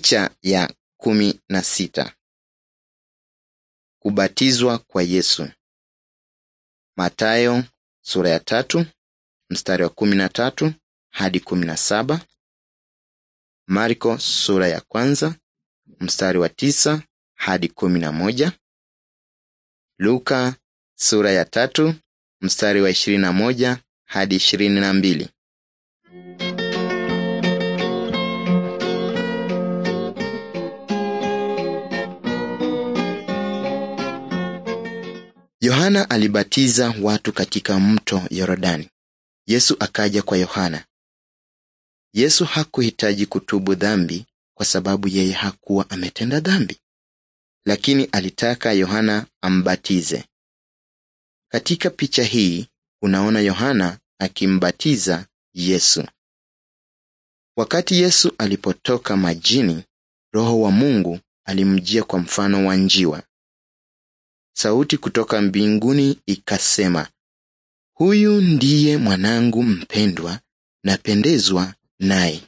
Picha ya kumi na sita kubatizwa kwa Yesu. matayo sura ya tatu mstari wa kumi na tatu hadi kumi na saba Marko sura ya kwanza mstari wa tisa hadi kumi na moja Luka sura ya tatu mstari wa ishirini na moja hadi ishirini na mbili Yohana alibatiza watu katika mto Yordani. Yesu akaja kwa Yohana. Yesu hakuhitaji kutubu dhambi kwa sababu yeye hakuwa ametenda dhambi, lakini alitaka Yohana ambatize. Katika picha hii unaona Yohana akimbatiza Yesu. Wakati Yesu alipotoka majini, Roho wa Mungu alimjia kwa mfano wa njiwa sauti kutoka mbinguni ikasema, huyu ndiye mwanangu mpendwa, napendezwa naye.